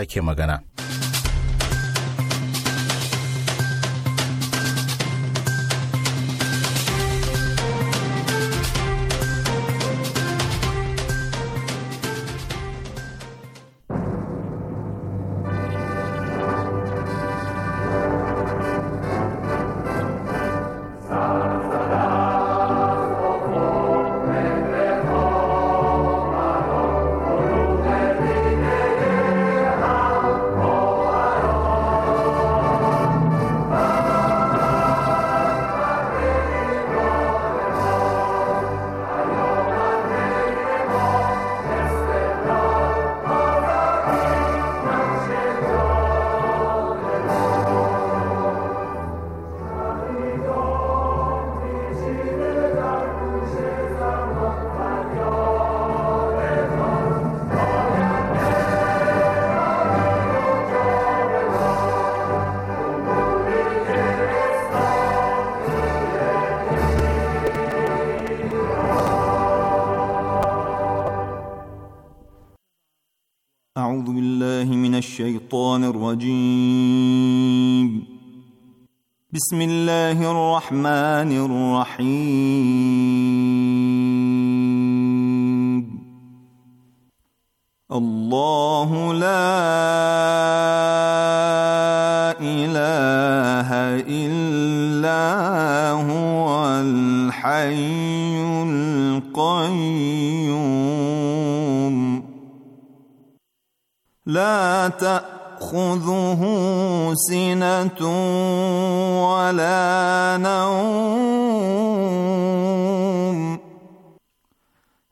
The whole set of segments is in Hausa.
ake magana. بسم الله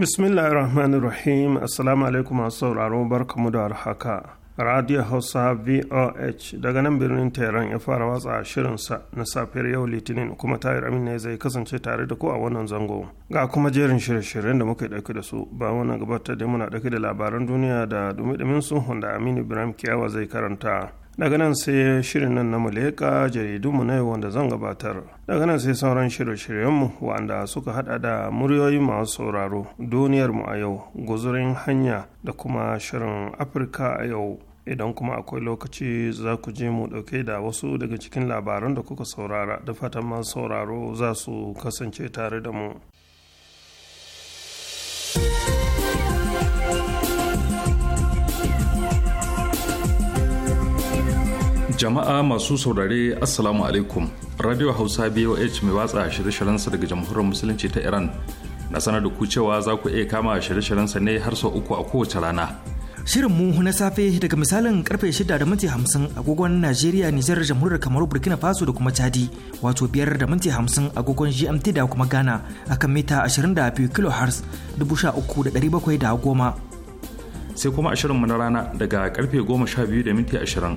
Bismillahirrahmanirrahim. Assalamu alaikum masu sauraro barkamu da haka. Radio Hausa VOH daga nan birnin Tehran ya fara watsa shirinsa na safiyar yau Litinin kuma Tahir Amin ne zai kasance tare da ku a wannan zango. Ga kuma jerin shirye-shiryen da muka ɗauki da su ba wannan gabatar da muna ɗauki da labaran duniya da dumi-dumin su wanda Aminu Ibrahim Kiyawa zai karanta. daga nan sai shirin nan na muleka jaridunmu na yau wanda zan gabatar daga nan sai sauran shirye-shiryenmu wanda suka hada da muryoyi masu sauraro duniyarmu a yau guzurin hanya da kuma shirin afirka a yau idan kuma akwai lokaci za ku je mu dauke da wasu daga cikin labaran da kuka saurara da fatan masu sauraro za su kasance tare da mu. jama'a masu saurare assalamu alaikum radio hausa boh mai watsa shirye-shiryensa daga jamhuriyar musulunci ta iran na sanar da ku cewa za ku iya kama shirye-shiryensa ne har sau uku a kowace rana shirin mu na safe daga misalin karfe 6 da minti 50 agogon najeriya nijar jamhuriyar kamaru burkina faso da kuma chadi wato biyar da minti 50 agogon gmt da kuma ghana akan mita 22 kilohertz 13710 sai kuma ashirinmu na rana daga karfe goma sha 12 da minti ashirin.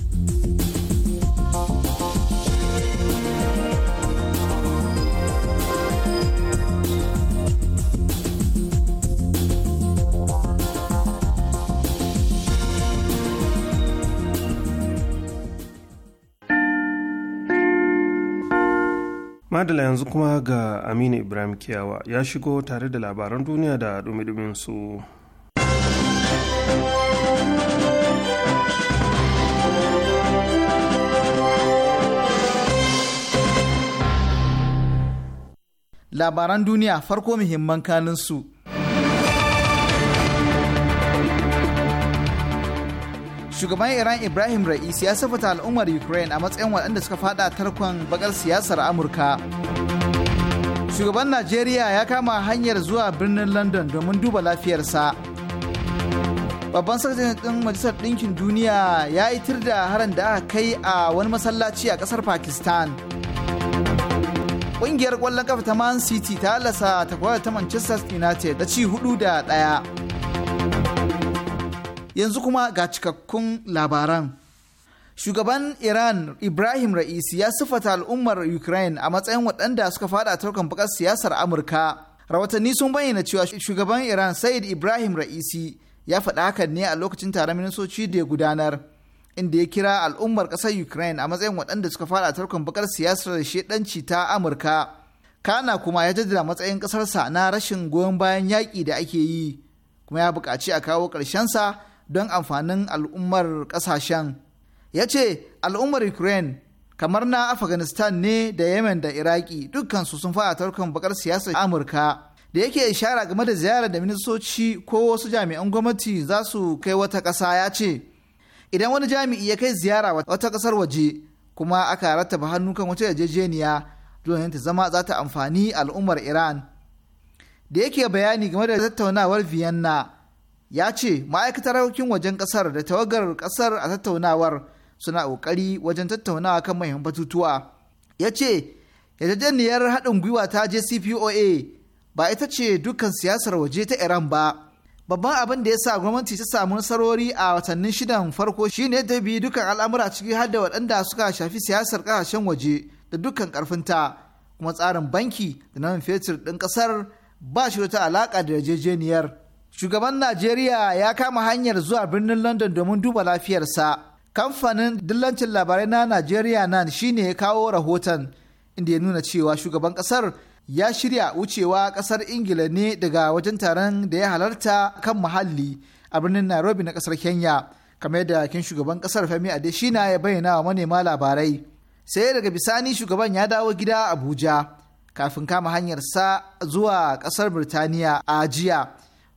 madala yanzu kuma ga aminu ibrahim kiyawa ya shigo tare da labaran duniya da dumi su labaran duniya farko muhimman kanin su shugaban iran ibrahim ra'isi ya safata al'ummar ukraine a matsayin waɗanda suka fada tarkon bakar siyasar amurka shugaban najeriya ya kama hanyar zuwa birnin london domin duba lafiyarsa babban sakataren ɗin majalisar ɗinkin duniya ya itir da haran da aka kai a wani masallaci a ƙasar pakistan ƙungiyar ƙwallon kafa ta man city ta halasa ta ta manchester united da ci hudu da ɗaya Yanzu kuma ga cikakkun labaran. Shugaban Iran Ibrahim Ra'isi ya siffata al'ummar Ukraine a matsayin waɗanda suka fada tarkon bakar siyasar Amurka. Rawatanni sun bayyana cewa shugaban Iran Said Ibrahim Ra'isi ya faɗa hakan ne a lokacin taron ministoci da ya gudanar. Inda ya kira al'ummar ƙasar Ukraine a matsayin waɗanda suka fada tarkon bakar siyasar shedanci ta Amurka. Kana kuma ya jaddada matsayin ƙasarsa na rashin goyon bayan yaƙi da ake yi. kuma ya buƙaci a kawo ƙarshensa don amfanin al'ummar ƙasashen ya ce al'ummar ukraine kamar na afghanistan ne da yemen da iraki dukkansu sun fara tarkon bakar siyasar amurka da yake ishara game da ziyara da ministoci ko wasu jami'an gwamnati za su kai wata ƙasa ya ce idan wani jami'i ya kai ziyara wata ƙasar waje kuma aka rattaba hannu kan wata yarjejeniya don ta zama za ta amfani al'ummar iran da yake bayani game da tattaunawar vienna ya ce ma'aikatar harkokin wajen kasar da tawagar kasar a tattaunawar suna ƙoƙari wajen tattaunawa kan mahimman batutuwa ya ce yarjejeniyar haɗin gwiwa ta jcpoa ba ita ce dukkan siyasar waje ta iran ba babban abin da ya sa gwamnati ta samu nasarori a watannin shidan farko shine ta bi dukkan al'amura ciki har da waɗanda suka shafi siyasar ƙasashen waje da dukkan ƙarfinta kuma tsarin banki da nan fetur ɗin ƙasar ba shi wata alaƙa da yarjejeniyar shugaban najeriya ya kama hanyar zuwa birnin london domin duba lafiyarsa kamfanin dillancin labarai na najeriya nan shine ya kawo rahoton inda ya nuna cewa shugaban kasar ya shirya wucewa kasar ingila ne daga wajen taron da ya halarta kan muhalli a birnin nairobi na kasar kenya kamar yadda kin shugaban kasar femi shina ya bayyana wa manema labarai sai daga bisani shugaban ya dawo gida abuja kafin kama hanyar sa zuwa kasar birtaniya a jiya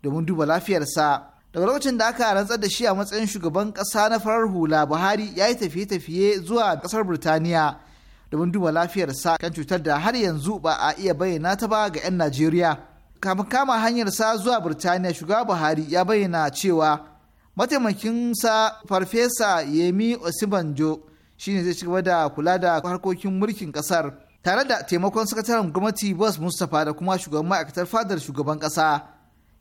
domin duba lafiyarsa daga lokacin da aka rantsar da shi a matsayin shugaban ƙasa na farar hula buhari ya yi tafiye-tafiye zuwa ƙasar burtaniya domin duba lafiyarsa kan cutar da har yanzu ba a iya bayyana ta ba ga 'yan najeriya kafin kama hanyarsa zuwa burtaniya shugaba buhari ya bayyana cewa mataimakin sa farfesa yemi osibanjo shine zai cigaba da kula da harkokin mulkin ƙasar tare da taimakon sakataren gwamnati bas mustapha da kuma shugaban ma'aikatar fadar shugaban ƙasa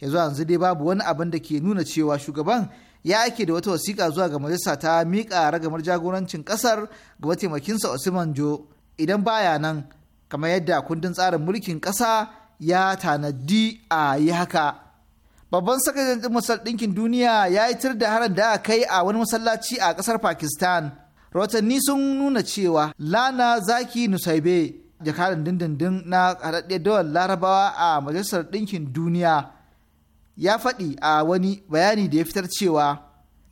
ya zuwa yanzu dai babu wani abin da ke nuna cewa shugaban ya ake da wata wasiƙa zuwa ga majalisa ta miƙa ragamar jagorancin ƙasar ga mataimakinsa Usman Jo idan baya nan kamar yadda kundin tsarin mulkin ƙasa ya tanadi a yi haka. Babban sakataren Masar Ɗinkin Duniya ya yi tir da harin da aka kai a wani masallaci a ƙasar Pakistan. Rahotanni sun nuna cewa Lana Zaki Nusaibe jakadan dindindin na haɗaɗɗiyar dawar Larabawa a Majalisar Ɗinkin Duniya ya faɗi a wani bayani da ya fitar cewa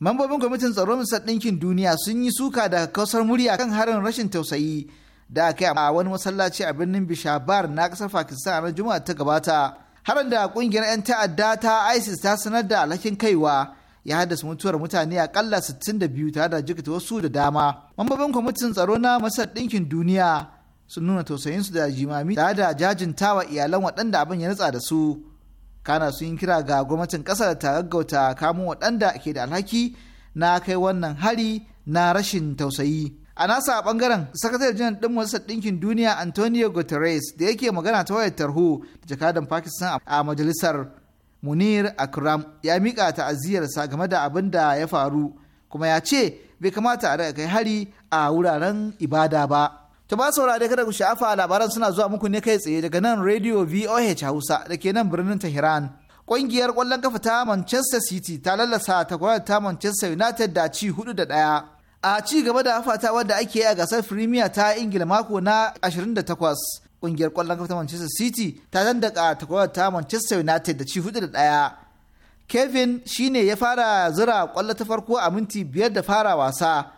mambobin kwamitin Tsaro misal ɗinkin duniya sun yi suka da kausar murya kan harin rashin tausayi da aka yi a wani masallaci a birnin bishabar na ƙasar pakistan a ranar juma'a ta gabata harin da ƙungiyar 'yan ta'adda ta isis ta sanar da alhakin kaiwa ya haddasa mutuwar mutane akalla 62 tare da jikita wasu da dama mambobin kwamitin tsaro na masar ɗinkin duniya sun nuna tausayinsu da jimami tare da jajintawa iyalan waɗanda abin ya nutsa da su kana sun yi kira ga gwamnatin kasar ta gaggauta kamun waɗanda ke da alhaki na kai wannan hari na rashin tausayi a nasa a bangaren sakataren janar ɗin majalisar ɗinkin duniya antonio guterres da yake magana ta wayar tarho da jakadan pakistan a majalisar munir akram ya miƙa ta'aziyarsa game da abin da ya faru kuma ya ce bai kamata a kai hari a wuraren ibada ba. To ba saurare kada ku sha'afa labaran suna zuwa muku ne kai tsaye daga nan Radio VOH Hausa da ke nan birnin Tehran. Ƙungiyar ƙwallon kafa ta Manchester City ta lallasa takwarar ta Manchester United da ci hudu da ɗaya. A ci gaba da afata wadda ake yi a gasar Premier ta Ingila mako na 28. Ƙungiyar ƙwallon kafa ta Manchester City ta dandaka takwarar ta Manchester United da ci hudu da ɗaya. Kevin shine ya fara zura ƙwallo ta farko a minti biyar da fara wasa.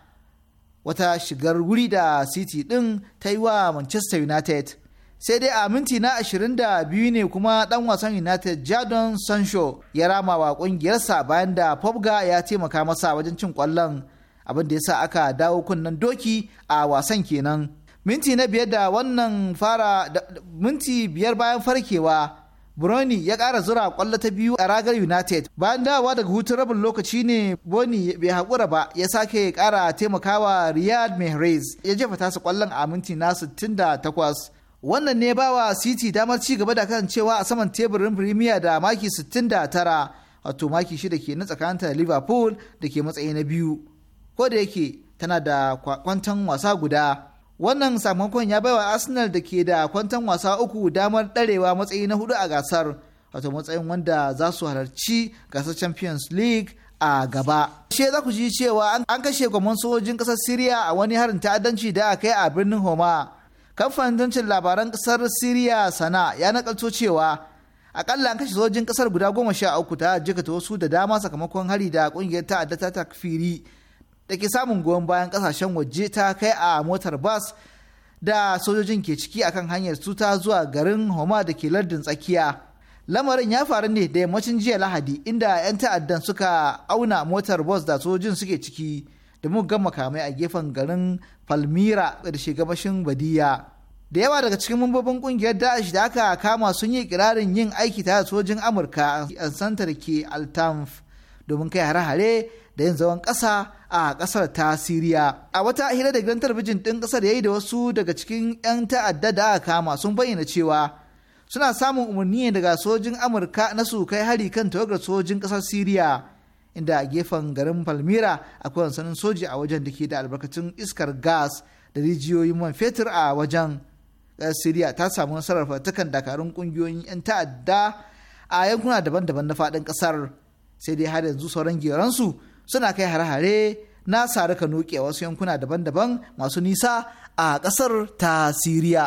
wata shigar wuri da city ɗin ta yi wa manchester united sai dai a minti na 22 ne kuma dan wasan united jadon sancho ya rama wa kungiyarsa bayan da pogba ya taimaka masa wajen cin kwallon abin da ya sa aka dawo kunnen doki a wasan kenan minti na biyar da wannan fara minti biyar bayan farkewa Brony ya ƙara zura kwallo ta biyu a ragar United. Bayan dawowa daga hutun rabin lokaci ne Boni bai haƙura ba ya sake kara taimakawa Riyad Mahrez ya jefa tasa kwallon a minti na 68. Wannan ne bawa City damar ci gaba da kasancewa a saman teburin Premier da maki sittin da tara, wato maki shida ke na tsakaninta Liverpool da ke matsayi na biyu. Ko da yake tana da kwantan wasa guda. wannan sakamakon ya baiwa arsenal da ke da kwantan wasa uku damar ɗarewa matsayi na hudu a gasar wato matsayin wanda za su halarci gasar champions league a gaba. She za ku ji cewa an kashe gwamnan sojojin kasar Siriya a wani harin ta'addanci da aka yi a birnin Homa. Kamfanin dancin labaran ƙasar Siriya sana ya nakalto cewa akalla an kashe sojojin kasar guda goma sha uku ta jikata wasu da dama sakamakon hari da ƙungiyar ta'adda ta takfiri da ke samun goyon bayan kasashen waje ta kai a motar bas da sojojin ke ciki akan hanyar tuta zuwa garin homa da ke lardin tsakiya lamarin ya faru ne da yammacin jiya lahadi inda 'yan ta'addan suka auna motar bas da sojojin suke ciki da gama makamai a gefen garin palmira ƙarshe gabashin badiya da yawa daga cikin mambobin kungiyar da'ish da aka kama sun yi kirarin yin aiki tare da sojojin amurka a santar ke altamf domin kai hare-hare da yin zaman ƙasa a ƙasar ta siriya a wata hira da gidan talabijin ɗin ƙasar ya yi da wasu daga cikin 'yan ta'adda da aka kama sun bayyana cewa suna samun umarni daga sojin amurka na su kai hari kan tawagar sojin ƙasar siriya inda a gefen garin palmira akwai wansanin soji a wajen da ke da albarkacin iskar gas da rijiyoyin man fetur a wajen ƙasar siriya ta samu nasarar fatakan dakarun ƙungiyoyin 'yan ta'adda a yankuna daban-daban na faɗin ƙasar sai dai har yanzu sauran geransu suna kai hare-hare na saraka nuke wasu yankuna daban-daban masu nisa a ƙasar ta siriya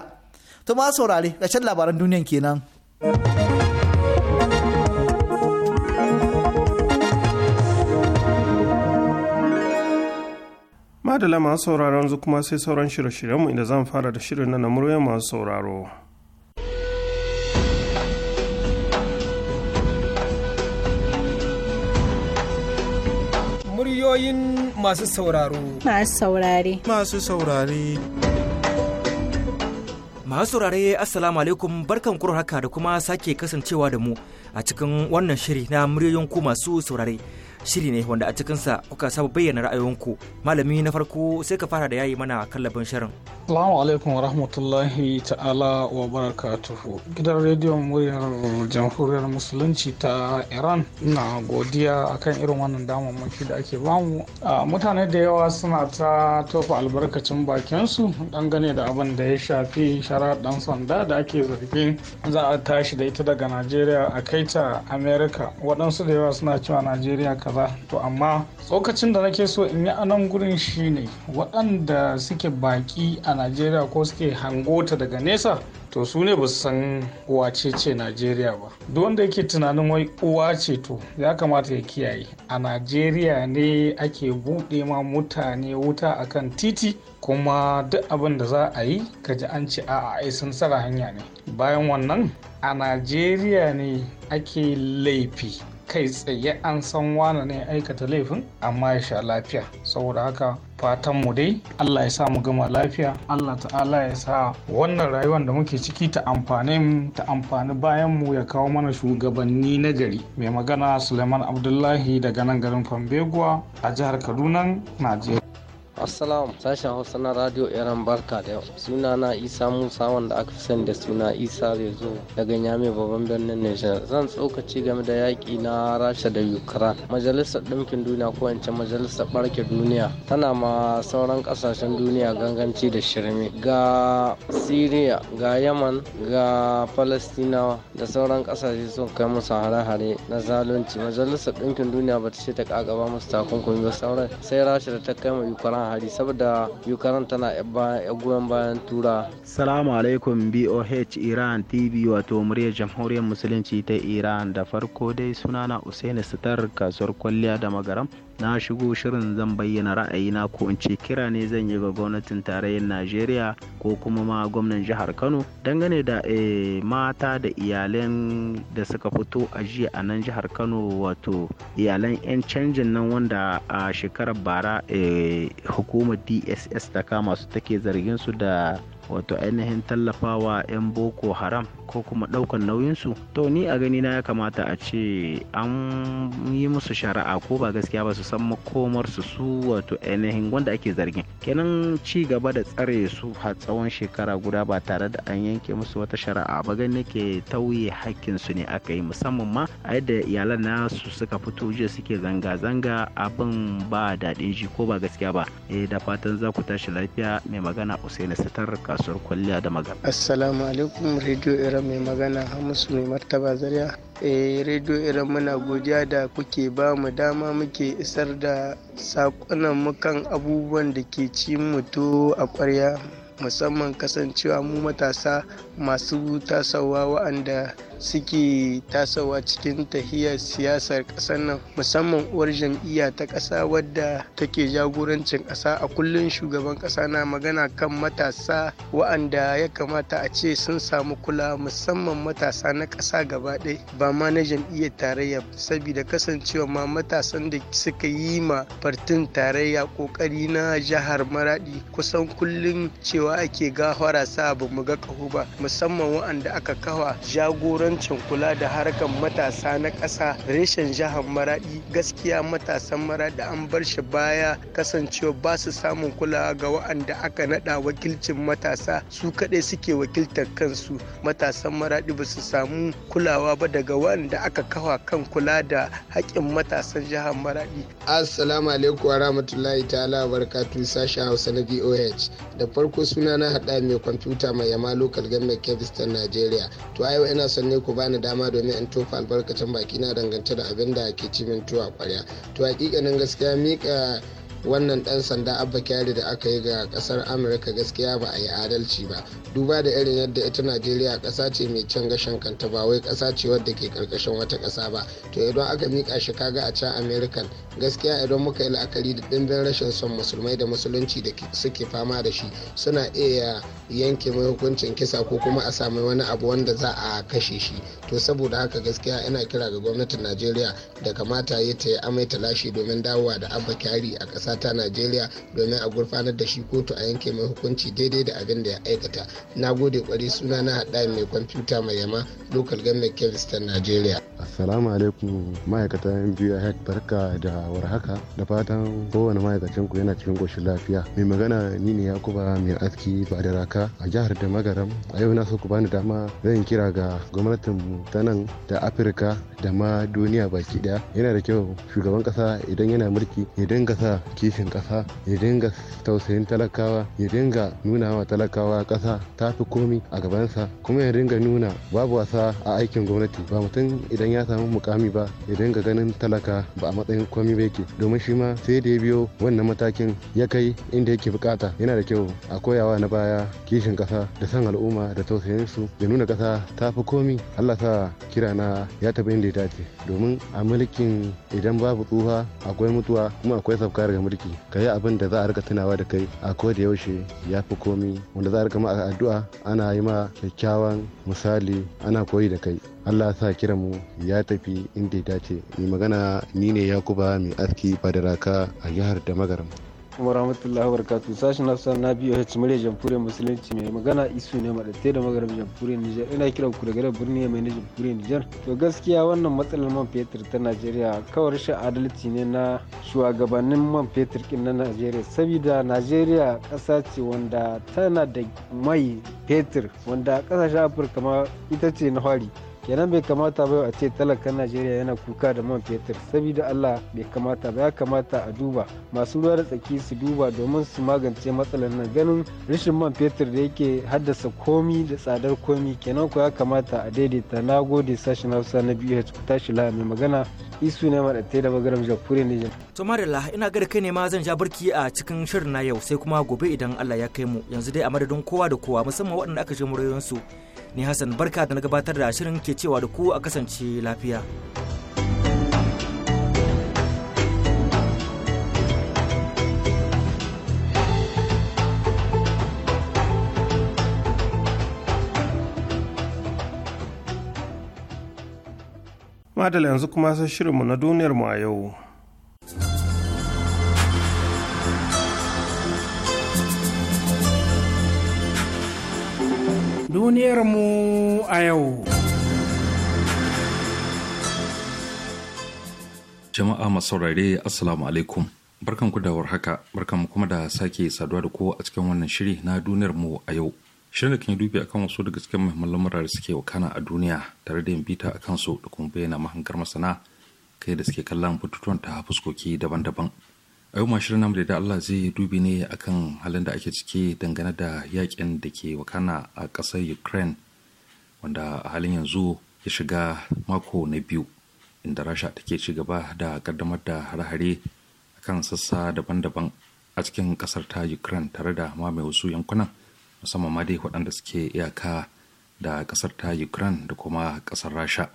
to ma saurare ƙarshen labaran duniyan kenan. madala masu sauraron zu kuma sai sauran shirye-shiryenmu inda zan fara da shirin na murya masu sauraro. Muryoyin masu sauraro. Masu saurare. Masu saurare. Masu saurare Assalamu alaikum barkan kuro haka da kuma sake kasancewa da mu a cikin wannan shiri na muryoyin ku masu saurare. shiri ne wanda a cikinsa kuka saba bayyana ra'ayoyinku malami na farko sai ka fara da yayi mana kallabin shirin salamu alaikum wa rahmatullahi ta'ala wa barakatuhu gidan rediyon muryar jamhuriyar musulunci ta iran na godiya akan irin wannan damammaki da ake bamu mutane da yawa suna ta tofa albarkacin bakinsu dangane da abin da ya shafi shara dan sanda da ake zargin za a tashi da ita daga najeriya a kai ta america waɗansu da yawa suna cewa najeriya kaza kaza to amma tsokacin da nake so in yi a nan gurin shine waɗanda suke baki a najeriya ko suke hangota daga nesa to su ne ba su san wace ce najeriya ba duk wanda yake tunanin wai uwa ce to ya kamata ya kiyaye a najeriya ne ake buɗe ma mutane wuta akan titi kuma duk abin da za a yi ka ji an ce a'a ai sun tsara hanya ne bayan wannan a najeriya ne ake laifi kai tsaye an san wane ne aikata laifin amma ya sha lafiya saboda haka fatan mu dai Allah ya sa mu gama lafiya Allah ta'ala ya sa wannan rayuwar da muke ciki ta amfani ta amfani bayan mu ya kawo mana shugabanni na gari mai magana Suleiman Abdullahi daga nan garin Fambeguwa a jihar Kaduna Najeriya Assalamu sashen Hausa na Radio Iran barka da yau. Suna na Isa Musa wanda aka fi sani da suna Isa Rezo daga Nyame babban birnin Nijar. Zan tsokaci game da yaƙi na Rasha da Ukraine. Majalisar Ɗinkin Duniya ko in Majalisar Barke Duniya tana ma sauran ƙasashen duniya ganganci da shirme. Ga Syria, ga Yaman, ga Falastinawa da sauran ƙasashe sun kai musu hare-hare na zalunci. Majalisar Ɗinkin Duniya ba ta ce ta ƙaƙaba musu takunkumi ba sauran sai Rasha da ta kai ma Ukraine hari saboda ukraine tana goyon bayan tura salamu alaikum boh iran tv wato muryar jamhuriyar musulunci ta iran da farko dai sunana usaini sitar kasuwar kwalliya da magaram na shigo shirin zan bayyana ra'ayina ko in ce kira ne zan yi ga gwamnatin tarayyar najeriya ko kuma ma gwamnan jihar kano dangane da eh, mata da iyalan da suka fito a jiya a nan jihar kano wato iyalan 'yan canjin nan wanda a shekarar bara eh, hukumar dss ta kama su take zargin su da wato ainihin tallafawa 'yan boko haram ko kuma ɗaukan nauyinsu to ni a gani na ya kamata a ce an yi musu shari'a ko ba gaskiya ba su san makomarsu su wato ainihin wanda ake zargin kenan ci gaba da tsare su har tsawon shekara guda ba tare da an yanke musu wata shari'a ba gani ke tauye su ne aka yi musamman ma a yadda iyalan nasu suka fito jiya suke zanga-zanga abin ba daɗin ji ko ba gaskiya ba eh da fatan za ku tashi lafiya mai magana usaini sitar kasuwar kwalliya da magana. Assalamu alaikum Radio Iran mai magana Hamisu mai martaba Zaria. Eh Radio Iran muna godiya da kuke ba mu dama muke isar da sakonan mukan abubuwan da ke ci mutu a kwarya musamman kasancewa mu matasa masu tasawa wa'anda suke tasowa cikin tahiyar siyasar ƙasar nan musamman uwar jam'iyya ta ƙasa wadda take jagorancin ƙasa a kullum shugaban ƙasa na magana kan matasa wa'anda ya kamata a ce sun samu kula musamman matasa na ƙasa gaba ɗaya ba ma na jam'iyyar tarayya saboda kasancewa ma matasan da suka yi ma fartin tarayya ƙoƙari na jihar maraɗi kusan kullum cewa ake gahara, sa ba mu ga ƙaho ba musamman wa'anda aka kawa jagoran jagorancin kula da harkar matasa na ƙasa reshen jihar Maraɗi gaskiya matasan maradi an bar shi baya kasancewa ba su samun kulawa ga wa'anda aka naɗa wakilcin matasa su kaɗai suke wakiltar kansu matasan Maraɗi ba su samu kulawa ba daga wa'anda aka kawa kan kula da haƙƙin matasan jihar maradi assalamu alaikum wa rahmatullahi ta'ala barkatu sashen hausa na voh da farko suna na haɗa mai kwamfuta mai yama lokal government kebistan nigeria to a yau ina son sai ku bani dama domin in tofa albarkacin baki na dangance da abin da ke cimin tuwa kwarya to hakikanin gaskiya mika wannan dan sanda abba kyari da aka yi ga kasar amurka gaskiya ba a yi adalci ba duba da irin yadda ita najeriya kasa ce mai can gashin kanta ba wai kasa ce wadda ke karkashin wata kasa ba to idan aka mika shi kaga a can american gaskiya idan muka yi la'akari da dimbin rashin son musulmai da musulunci da suke fama da shi suna iya yanke mai hukuncin kisa ko kuma a sami wani abu wanda za a kashe shi to saboda haka gaskiya ina kira ga gwamnatin najeriya da kamata ya ta yi amai ta lashe domin dawowa da abba kyari a kasa ta najeriya domin a gurfanar da shi kotu a yanke mai hukunci daidai da abin da ya aikata na gode kwari suna na haɗa mai kwamfuta mai yama local government kevistan najeriya assalamu alaikum ma'aikatan biyu hek barka da warhaka da fatan kowane ma'aikacin ku yana cikin koshin lafiya mai magana ni ne yakuba mai aski ba da raka a jihar da magaram a yau na so ku bani dama zan kira ga gwamnatin mu ta nan da afirka da ma duniya baki daya yana da kyau shugaban kasa idan yana mulki ya dinga sa kishin kasa ya dinga tausayin talakawa ya dinga nuna wa talakawa kasa ta fi komi a gabansa kuma ya dinga nuna babu wasa a aikin gwamnati ba mutum idan ya samu mukami ba ya dinga ganin talaka ba a matsayin komi ba yake domin shi ma sai da ya biyo wannan matakin ya kai inda yake bukata yana da kyau a koyawa na baya kishin kasa da san al'umma da tausayin su da nuna kasa ta fi komi Allah sa kira na ya taɓa inda ya dace domin a mulkin idan babu tsufa akwai mutuwa kuma akwai safka ga mulki ka yi abin da za a rika tunawa da kai a ko da yaushe ya fi komi wanda za a rika ma addu'a ana yi ma kyakkyawan misali ana koyi da kai Allah sa mu ya tafi inda ya dace mai magana ni ne Yakuba mai aski badaraka a jihar da magaram alaikum warahmatullahi wabarakatuh sashen sashi na na biyu hajji murya jamhuriyar musulunci mai magana isu ne madatai da magana jamhuriyar nijar ina kiran ku daga birni mai na jamhuriyar nijar to gaskiya wannan matsalar man fetur ta najeriya kawar shi adalci ne na shugabannin man fetur kin na najeriya saboda najeriya kasa ce wanda tana da mai fetur wanda kasashen afirka ma ita ce na fari kenan bai kamata ba a ce talakan najeriya yana kuka da man fetur saboda allah bai kamata ba ya kamata a duba masu ruwa da tsaki su duba domin su magance matsalar nan ganin rashin man fetur da yake haddasa komi da tsadar komi kenan ko ya kamata a daidaita na gode sashen hausa na biyu ku tashi la mai magana isu ne ma da da magaram jakure ne to marilla ina ga kai ne ma zan ja barki a cikin shirin na yau sai kuma gobe idan allah ya kai mu yanzu dai a madadin kowa da kowa musamman waɗanda aka je murayoyinsu ni hassan barka da na gabatar da shirin ke cewa da ku a kasance lafiya madala yanzu kuma sai shirinmu na duniyarmu a yau duniyar mu a yau. Jama'a masaurare Assalamu alaikum. Barkan ku da warhaka, barkan kuma da sake saduwa da kowa a cikin wannan shiri na duniyar mu a yau. Shirin da kan yi dubi akan wasu daga cikin muhimman lamura da suke wakana a duniya tare da yin bita a kansu da kuma bayyana mahangar masana kai da suke kallon fututuwan ta fuskoki daban-daban. a yau mashirin namu da Allah zai dubi ne akan halin da ake ciki dangane da yakin da ke wakana a ƙasar ukraine wanda a halin yanzu ya shiga mako na biyu inda rasha take ci gaba da kaddamar da hare-hare kan sassa daban-daban a cikin ƙasar ta ukraine tare da mamaye wasu yankunan musamman ma dai waɗanda suke iyaka da ƙasar ta ukraine da kuma ƙasar rasha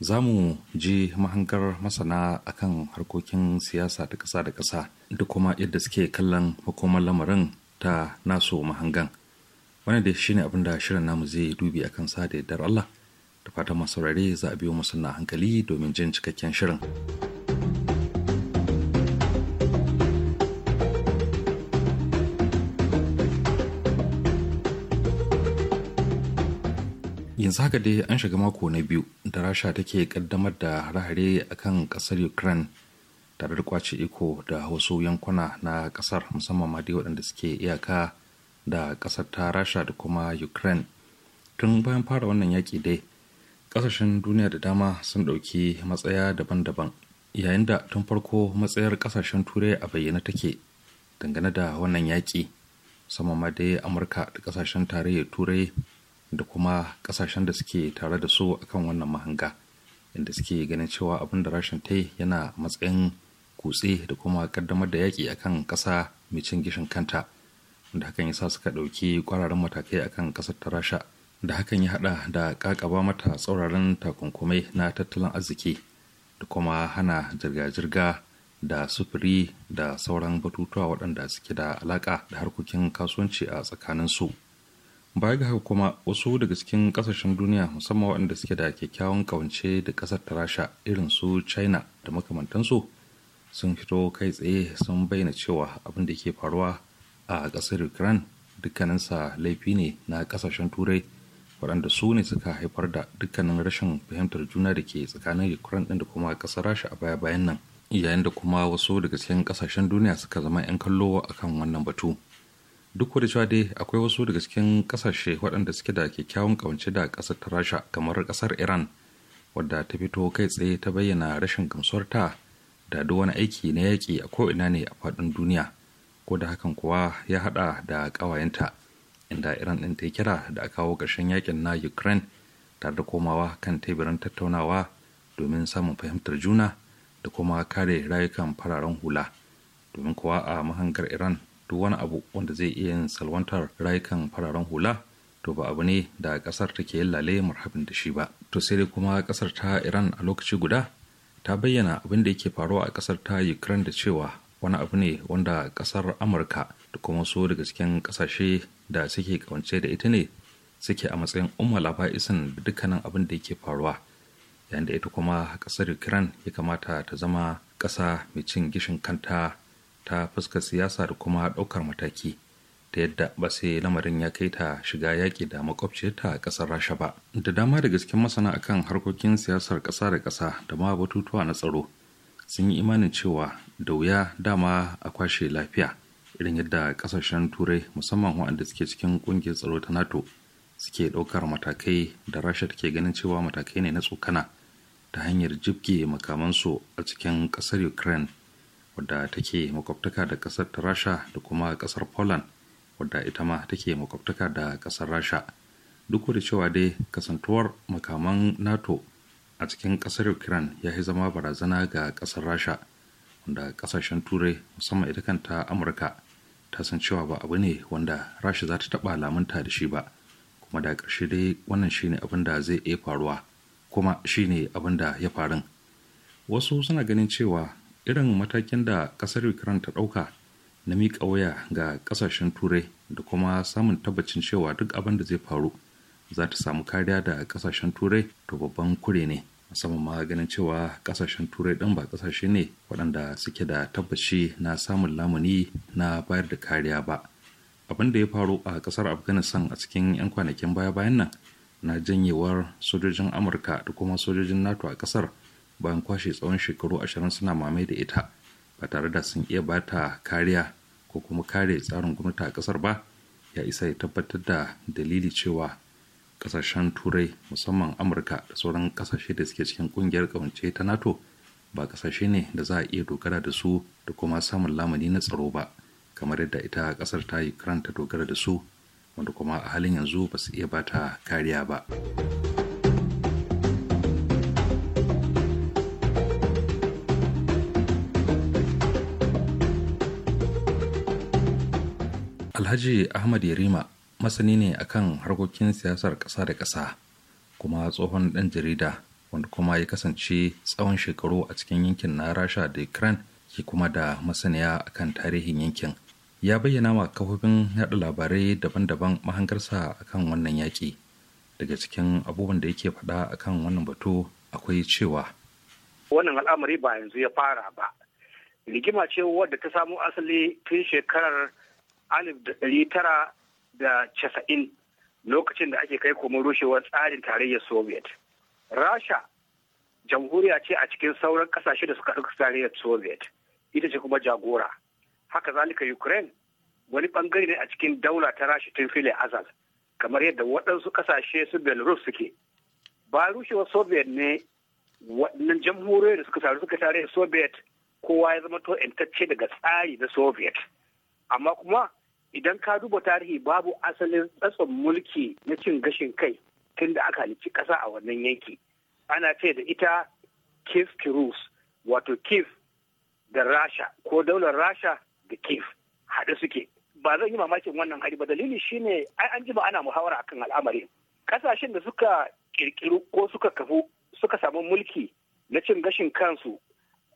za mu ji mahangar masana akan harkokin siyasa ta ƙasa da ƙasa da kuma yadda suke kallon makomar lamarin ta naso mahangan wani da shine abin da shirin namu zai dubi akan sa da yardar Allah da fatan masu za a biyo musu na hankali domin jin cikakken shirin. yanzu haka dai an shiga mako na biyu da rasha take kaddamar da hare a kan kasar ukraine tare da kwace iko da wasu yankuna na kasar musamman ma dai waɗanda suke iyaka da kasar ta rasha da kuma ukraine tun bayan fara wannan yaƙi dai ƙasashen duniya da dama sun ɗauki matsaya daban-daban yayin da tun farko matsayar ƙasashen turai a bayyana take dangane da wannan yaƙi musamman ma dai amurka da ƙasashen tarayyar turai da kuma kasashen da suke tare da su akan wannan mahanga inda suke ganin cewa abin da rashin ta yana matsayin kutse da kuma kaddamar da yaƙi akan ƙasa mai cin gishin kanta da hakan ya sa suka ɗauki kwararan matakai akan ƙasar ta rasha da hakan ya haɗa da ƙaƙaba mata tsauraran takunkumai na tattalin arziki da kuma hana jirga-jirga da sufuri da sauran batutuwa waɗanda suke da alaƙa da harkokin kasuwanci a tsakaninsu. su baya ga haka kuma wasu daga cikin kasashen duniya musamman waɗanda suke da kyakkyawan kawance da ƙasar ta rasha irin su china da makamantansu sun fito kai tsaye sun bayyana cewa abin da ke faruwa a ƙasar ukraine dukkaninsa laifi ne na ƙasashen turai waɗanda su ne suka haifar da dukkanin rashin fahimtar juna da ke tsakanin ukraine ɗin da kuma ƙasar rasha a baya bayan nan yayin da kuma wasu daga cikin ƙasashen duniya suka zama 'yan kallo akan wannan batu duk da cewa dai akwai wasu daga cikin kasashe waɗanda suke da kyakkyawan kawance da ƙasar ta rasha kamar ƙasar iran wadda ta fito kai tsaye ta bayyana rashin gamsuwarta da duk wani aiki na yaƙi a ko'ina ne a faɗin duniya ko da hakan kuwa ya haɗa da ƙawayenta inda iran ɗin ta yi kira da a kawo ƙarshen yaƙin na ukraine tare da komawa kan teburin tattaunawa domin samun fahimtar juna da kuma kare rayukan fararen hula domin kuwa a mahangar iran duk wani abu wanda zai iya yin salwantar rayukan fararen hula to ba abu ne da kasar take yin lale marhabin da shi ba to sai dai kuma kasar ta iran a lokaci guda ta bayyana abin da yake faruwa a kasar ta ukraine da cewa wani abu ne wanda kasar amurka da kuma so daga cikin kasashe da suke kawance da ita ne suke a matsayin umma labaisin da dukkanin abin da yake faruwa yayin da ita kuma kasar ukraine ya kamata ta zama kasa mai cin gishin kanta ta fuskar siyasa da kuma ɗaukar mataki ta yadda ba sai lamarin ya kai ta shiga yaƙi da makwabciyarta a ƙasar rasha ba da dama da gasken masana akan harkokin siyasar ƙasa da ƙasa da ma batutuwa na tsaro sun yi imanin cewa da wuya dama a kwashe lafiya irin yadda ƙasashen turai musamman waɗanda suke cikin ƙungiyar tsaro ta nato suke ɗaukar matakai da rasha take ganin cewa matakai ne na tsokana ta hanyar jibge makamansu a cikin ƙasar ukraine wadda take makwabtaka da kasar rasha da kuma kasar poland wadda ita ma take makwabtaka da kasar rasha duk da cewa dai kasantuwar makaman nato a cikin kasar ukraine ya yi zama barazana ga kasar rasha wanda kasashen turai musamman ita kanta amurka ta san cewa ba abu ne wanda rasha za ta taba lamunta da shi ba kuma da ƙarshe dai wannan shine abin da zai iya faruwa kuma shine abin da ya farin wasu suna ganin cewa irin matakin da kasar ukraine ta dauka na miƙa waya ga kasashen turai da kuma samun tabbacin cewa duk abin da zai faru za ta samu kariya da kasashen turai to babban kure ne musamman ma ganin cewa kasashen turai ɗin ba kasashe ne waɗanda suke da tabbaci na samun lamuni na bayar da kariya ba abin da ya faru a kasar afghanistan a cikin 'yan kwanakin baya-bayan nan na janyewar sojojin amurka da kuma sojojin nato a kasar bayan kwashe tsawon shekaru ashirin suna mamaye da ita ba tare da sun iya ba ta kariya ko kuma kare tsarin gwamnati a kasar ba ya isa ya tabbatar da dalili cewa kasashen turai musamman amurka da sauran kasashe da suke cikin kungiyar kawance ta nato ba kasashe ne da za a iya dogara da su da kuma samun lamuni na tsaro ba kamar yadda ita kasar ta yi karanta dogara da su wanda kuma a halin yanzu ba su iya ba ta kariya ba. alhaji ahmad yarima masani ne akan harkokin siyasar ƙasa da ƙasa kuma tsohon ɗan jarida wanda kuma ya kasance tsawon shekaru a cikin yankin na rasha da ukraine ke kuma da masaniya akan tarihin yankin ya bayyana wa kafofin yaɗa labarai daban-daban mahangarsa akan wannan yaƙi daga cikin abubuwan da yake faɗa akan wannan batu akwai cewa wannan al'amari ba yanzu ya fara ba rigima ce wadda ta samo asali tun shekarar alif da ɗari tara da casa'in lokacin da ake kai komo rushewar tsarin tarayyar soviet rasha jamhuriya ce a cikin sauran kasashe da suka ɗauka tarayyar soviet ita ce kuma jagora haka zalika ukraine wani bangare ne a cikin daula ta rashi tun fili azal kamar yadda waɗansu kasashe su belarus suke ba rushewar soviet ne waɗannan jamhuriyar da suka taru suka tarayyar soviet kowa ya zama to intacce daga tsari na soviet amma kuma idan ka duba tarihi babu asalin tsatson mulki na cin gashin kai tun da aka halicci ƙasa a wannan yanki ana ce da ita kif kirus wato kif da rasha ko daular rasha da kif haɗe suke ba zan yi mamakin wannan hari ba dalili shine ai an ji ba ana muhawara akan al'amarin ƙasashen da suka kirkiru ko suka kafu suka samu mulki na cin gashin kansu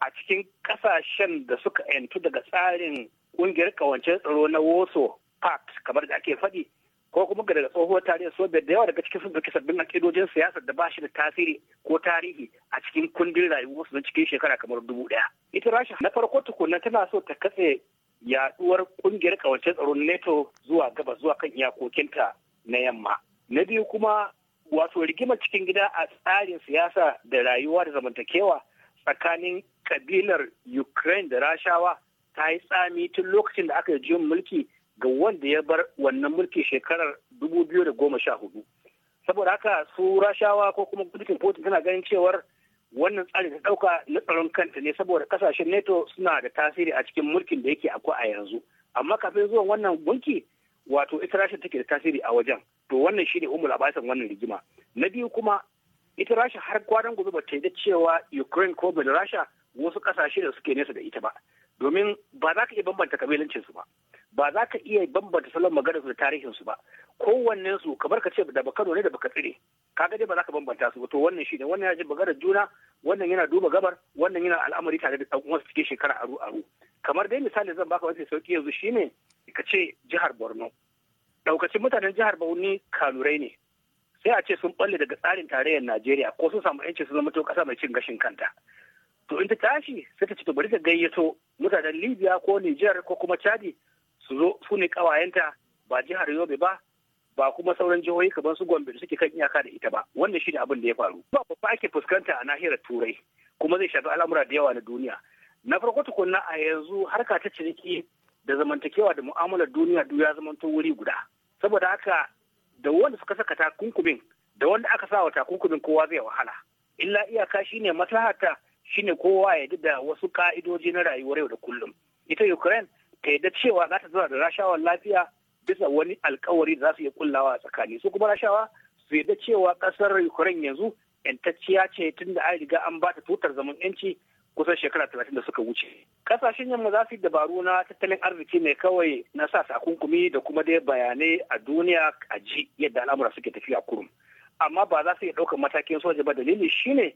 a cikin ƙasashen da suka yantu daga tsarin Ƙungiyar kawance tsaro na woso pact kamar da ake faɗi ko kuma ga daga tsohuwar tarihin soviet da yawa daga cikin sun ɗauki sabbin akidojin siyasar da ba shi da tasiri ko tarihi a cikin kundin rayuwarsu na cikin shekara kamar dubu ɗaya. ita rasha na farko tukuna tana so ta katse yaduwar kungiyar kawancen tsaron NATO zuwa gaba zuwa kan iyakokinta na yamma na biyu kuma wato rigimar cikin gida a tsarin siyasa da rayuwa da zamantakewa tsakanin kabilar ukraine da rashawa ta yi tsami tun lokacin da aka yi mulki ga wanda ya bar wannan mulki shekarar dubu goma sha hudu saboda haka su rashawa ko kuma gudukin putin tana ganin cewar wannan tsari ta dauka na tsaron kanta ne saboda kasashen neto suna da tasiri a cikin mulkin da yake akwai a yanzu amma kafin zuwan wannan gunki wato ita rasha take da tasiri a wajen to wannan shine umul abasan wannan rigima na biyu kuma ita rasha har kwanan gobe ba ta yi da cewa ukraine ko belarusha wasu kasashe da suke nesa da ita ba domin ba za ka iya bambanta kabilancin su ba ba za ka iya bambanta salon maganarsu da tarihin su ba kowannen su kamar ka ce da baka ne da baka tsire Ka gaje ba za ka bambanta su ba to wannan shine wannan ya ji maganar juna wannan yana duba gabar wannan yana al'amari tare da dan wasu cikin shekara aru aru kamar dai misali zan baka wani sauki yanzu shine ka ce jihar Borno daukacin mutanen jihar Borno kalurai ne sai a ce sun balle daga tsarin tarayyar Najeriya ko sun samu yanci su zama to kasa mai cin gashin kanta to in ta tashi sai ta ce to bari ta gayyato mutanen libya ko niger ko kuma chadi su zo su ne kawayenta ba jihar yobe ba ba kuma sauran jihohi kamar su gombe da suke kan iyaka da ita ba wannan shi ne abin da ya faru ba babba ake fuskanta a nahiyar turai kuma zai shafi al'amura da yawa na duniya na farko tukunna a yanzu harka ta ciniki da zamantakewa da mu'amalar duniya duk ya zamanto wuri guda saboda haka da wanda suka saka takunkumin da wanda aka sa wa takunkumin kowa zai wahala illa iyaka shine maslahata shine kowa ya da wasu ka'idoji na rayuwar yau da kullum ita ukraine ta yadda cewa za ta zauna da rashawar lafiya bisa wani alkawari da za su iya kullawa a tsakani su kuma rashawa su yadda cewa kasar ukraine yanzu yantacciya ce tun da an riga an ba ta tutar zaman yanci kusan shekara talatin da suka wuce kasashen yamma za su yi dabaru na tattalin arziki ne kawai na sa takunkumi da kuma dai bayanai a duniya a ji yadda al'amura suke tafiya kurum amma ba za su iya ɗaukar matakin soja ba dalili shine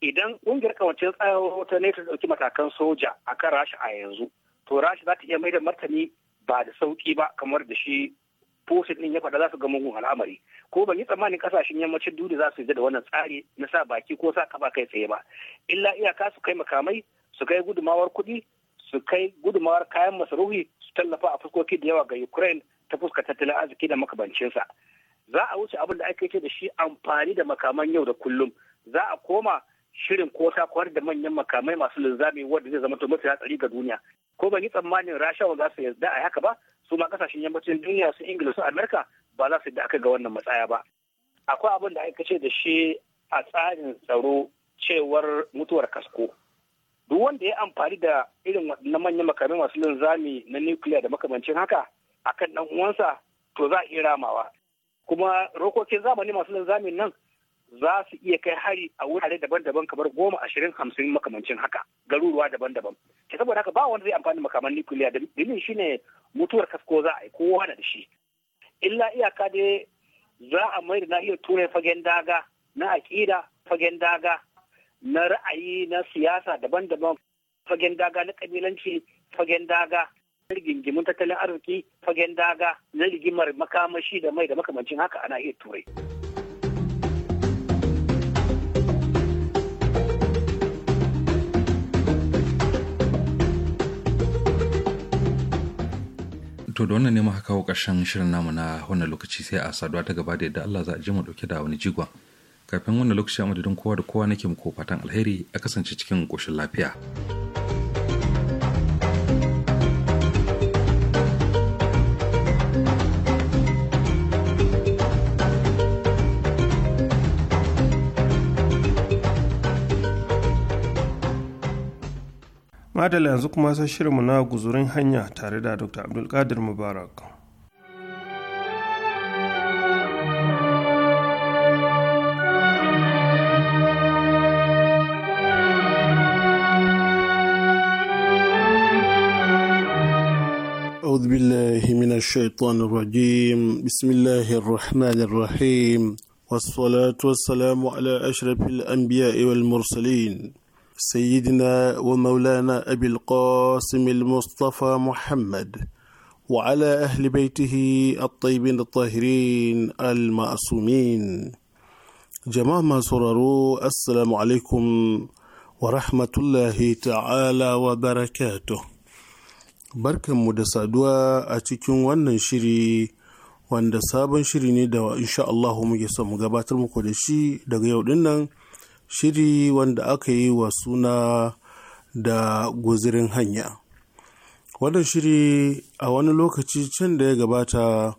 idan ƙungiyar kawancin tsaro ta ne ta dauki matakan soja a kan rasha a yanzu to rashi za ta iya mai da martani ba da sauki ba kamar da shi fosil ɗin ya faɗa za su ga mugun al'amari ko ban yi tsammanin ƙasashen yammacin duniya za su yi da wannan tsari na sa baki ko sa kafa kai tsaye ba illa iyaka su kai makamai su kai gudumawar kuɗi su kai gudumawar kayan masarufi su tallafa a fuskoki da yawa ga ukraine ta fuska tattalin arziki da makabancinsa za a wuce abin da ake ce da shi amfani da makaman yau da kullum za a koma shirin ko ta kwar da manyan makamai masu linzami wanda zai zama to mafi hatsari ga duniya ko ban yi tsammanin rashawa za su yarda a haka ba su ma kasashen yammacin duniya su ingila su amerika ba za su da aka ga wannan matsaya ba akwai abin da aka ce da shi a tsarin tsaro cewar mutuwar kasko duk wanda ya amfani da irin na manyan makamai masu linzami na nukiliya da makamancin haka akan dan uwansa to za a iya ramawa kuma rokokin zamani masu linzamin nan za su iya kai hari a wurare daban-daban kamar goma ashirin hamsin makamancin haka garuruwa daban-daban ke saboda haka ba wanda zai amfani makaman nukiliya dalilin ne mutuwar kasko za a yi kowa da shi illa iyaka dai za a mai da nahiyar turai fagen daga na aƙida fagen daga na ra'ayi na siyasa daban-daban fagen daga na kabilanci fagen daga na rigingimin tattalin arziki fagen daga na rigimar makamashi da mai da makamancin haka a nahiyar turai. To da wannan ne muka kawo ƙarshen shirin namu na wannan lokaci sai a saduwa ta gaba da yadda Allah za a ji mu dauke da wani jigon. Kafin wannan lokaci a madadin kowa da kowa nake muku fatan alheri a kasance cikin ƙoshin lafiya. madala yanzu kuma sai shirinmu na guzurin hanya tare da dr abdulkadir mubarak أعوذ بالله من الشيطان الرجيم بسم الله الرحمن الرحيم والصلاة والسلام على أشرف الأنبياء والمرسلين سيدنا ومولانا أبي القاسم المصطفى محمد وعلى أهل بيته الطيبين الطاهرين المعصومين جماعة ما سرروا السلام عليكم ورحمة الله تعالى وبركاته بركة مدسادوا أتكون وننشري wanda sabon shiri ne da insha Allahu muke son mu gabatar muku da shi daga yau din nan shiri wanda aka yi wa suna da guzirin hanya wannan shiri a wani lokaci can da ya gabata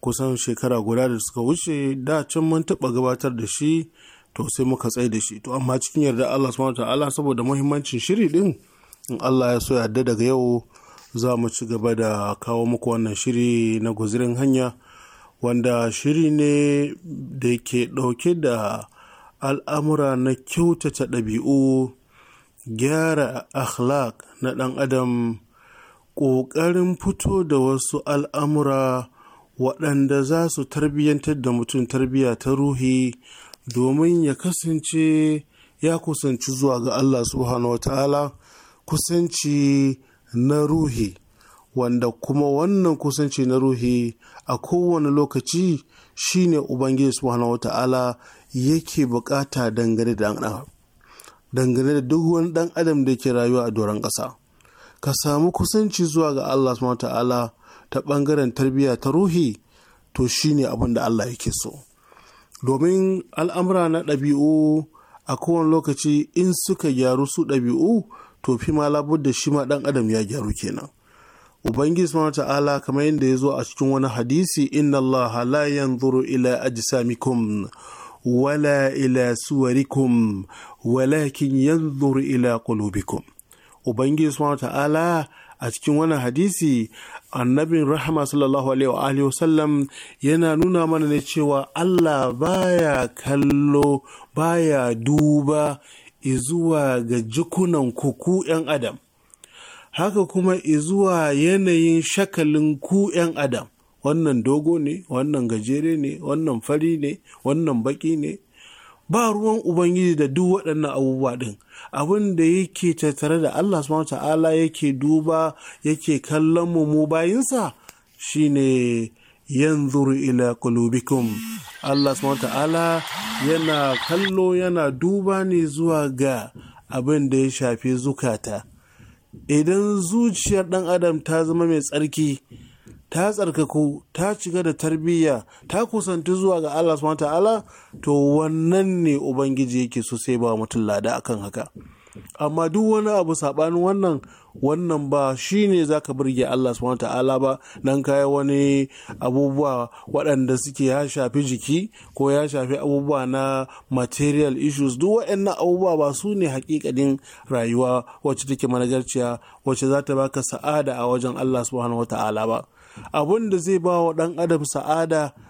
kusan shekara guda da suka wuce da can mun taɓa gabatar da shi to sai muka tsaye da shi to amma cikin yarda Allah subhanahu ta'ala saboda muhimmancin shiri din in Allah ya so yarda daga yau za mu ci gaba da kawo muku wannan shiri na guzirin hanya wanda shiri ne da ke ɗauke da al'amura na kyautata ɗabi'u gyara akhlaq na ɗan adam ƙoƙarin fito da wasu al'amura waɗanda za su tarbiyyantar da mutum tarbiyya ta ruhi domin ya kasance ya kusanci zuwa ga Allah subhanahu wa ta'ala kusanci na ruhi wanda kuma wannan kusanci na ruhi a kowane lokaci shine ubangiji subhanahu ta'ala yake bukata dangane da dan dangane da duk wani dan adam da ke rayuwa a doron ƙasa ka samu kusanci zuwa ga Allah subhanahu ta'ala ta bangaren tarbiyya ta ruhi to shine abin da Allah yake so domin al'amura na ɗabi'u a kowane lokaci in suka gyaru su ɗabi'u to fi ma labar da shi ma ɗan adam ya gyaru kenan ubangiji subhanahu ta'ala kamar yadda ya zo a cikin wani hadisi inna Allah la yanzuru ila ajsamikum wala ila suwarikum walakin yanzuru ila qulubikum ubangiji subhanahu ta'ala a cikin wani hadisi annabin rahama sallallahu alaihi wa wasallam yana nuna mana ne cewa allah baya kallo baya duba izuwa ga jikunan kuku 'yan adam haka kuma zuwa yanayin shakalin ku 'yan adam wannan dogo ne wannan gajere ne wannan fari ne wannan baki ne ba ruwan ubangiji da duk waɗannan abubuwa ɗin abin da yake tattare da allah subhanahu ta'ala yake duba yake kallon mu mu bayinsa shine yanzuru ila qulubikum allah subhanahu ta'ala yana kallo yana duba ne zuwa ga abin da ya shafi zukata idan zuciyar ɗan adam ta zama mai tsarki ta tsarkaku ta cika da tarbiyya ta kusanci zuwa ga Allah subhanahu ta'ala to wannan ne ubangiji yake so sai ba mutum lada akan haka amma duk wani abu saɓanin wannan wannan ba shi ne za ka birge Allah subhanahu ta'ala ba don kaya wani abubuwa waɗanda suke ya shafi jiki ko ya shafi abubuwa na material issues duk waɗannan abubuwa ba su ne haƙiƙanin rayuwa wacce take manajarciya wacce za ta baka sa'ada a wajen Allah subhanahu ta'ala ba abun da zai ba wa ɗan adam sa'ada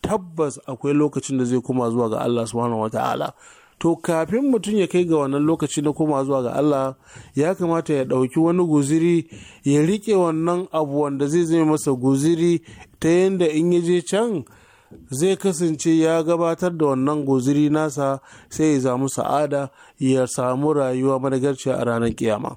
tabbas akwai lokacin da zai koma zuwa ga Allah subhanahu ta'ala to kafin mutum ya kai ga wannan lokaci na koma zuwa ga Allah ya kamata ya ɗauki wani guziri ya riƙe wannan abu wanda zai zai masa guziri ta yadda in ya je can zai kasance ya gabatar da wannan guziri nasa sai ya samu sa'ada ya samu rayuwa madagarci a ranar kiyama.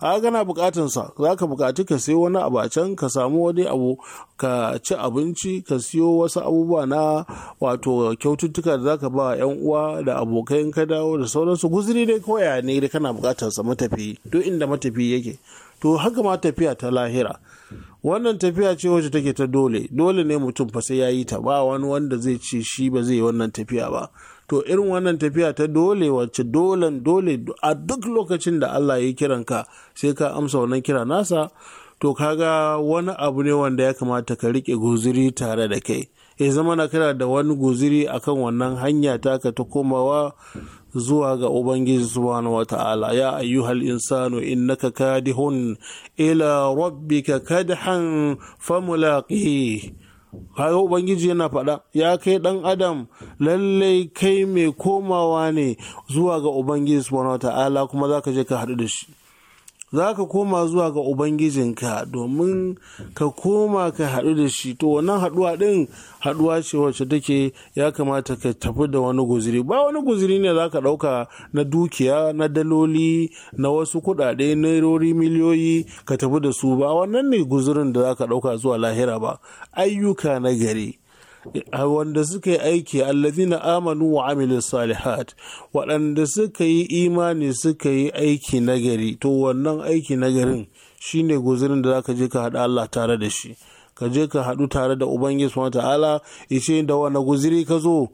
a kana bukatunsa za ka bukaci ka siyo wani abu a can ka samu wani abu ka ci abinci ka siyo wasu abubuwa na wato kyaututtuka da zaka ba yan uwa da abokan ka dawo da sauransu guzuri dai koya ne da kana bukatar sa matafi duk inda matafi yake to haka ma tafiya ta lahira wannan tafiya ce wacce take ta dole dole ne mutum fa sai ya yi ta ba wani wanda zai ce shi ba zai yi wannan tafiya ba to irin wannan tafiya ta dole wacce dolen dole a duk lokacin da Allah ya kiran ka sai ka amsa wannan kira nasa to kaga wani abu ne wanda ya kamata ka rike guziri tare da kai ya zama na kana da wani guziri akan wannan hanya taka ta komawa zuwa ga ubangiji subhanahu wata'ala ya ayyuhal insanu innaka kadihun ila rabbika kadhan famulaqih kaga ubangiji yana faɗa ya kai ɗan adam lallai kai mai komawa ne zuwa ga ubangiji subhanahu ta'ala kuma zaka je ka haɗu da shi za ka koma zuwa ga ubangijinka domin ka koma ka haɗu da shi to wannan haɗuwa ɗin haɗuwa ce wacce take ya kamata ka tafi da wani guziri ba wani guziri ne za ka ɗauka na dukiya na daloli na wasu kuɗaɗe rori miliyoyi ka tafi da su ba wannan ne guzirin da za ka ɗauka zuwa lahira ba ayyuka na gari wanda suka yi aiki allazina amanu wa amilu salihat waɗanda suka yi imani suka yi aiki nagari to wannan aiki nagarin shine guzirin da zaka je ka haɗa Allah tare da shi ka je ka haɗu tare da ubangiji subhanahu ta'ala ishe da wani guziri ka zo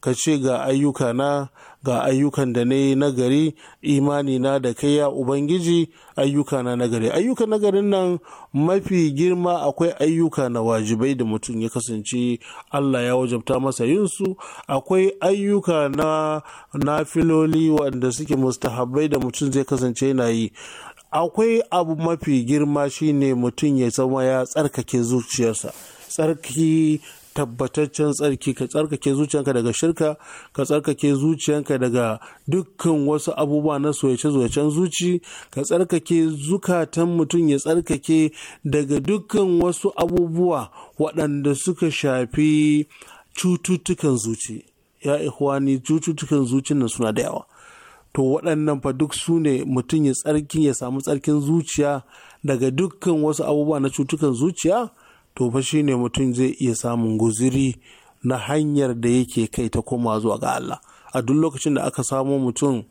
ka ce ga ayyuka na ga ayyukan da na yi nagari imani na da kai ya ubangiji ayyuka na nagari ayyuka nagarin nan mafi girma akwai ayyuka na wajibai da mutum ya kasance allah ya wajabta masa yin su akwai ayyuka na nafiloli wanda suke mustahabbai da mutum zai kasance yana yi akwai abu mafi girma shine mutum ya zama ya tsarkake zuciyarsa tsarki tabbataccen tsarki ka tsarkake zuciyanka daga shirka ka tsarkake zuciyanka daga dukkan wasu abubuwa na soyace zuwacen zuci ka tsarkake zukatan mutum ya tsarkake daga dukkan wasu abubuwa waɗanda suka shafi cututtukan zuci ya ihwani cututtukan zuci nan suna da yawa to waɗannan fa duk su ne mutum ya tsarkin ya samu tsarkin zuciya daga dukkan wasu abubuwa na cututtukan zuciya to fa shine mutum zai iya samun guziri na hanyar da yake kai ta koma zuwa ga Allah a duk lokacin da aka samo mutum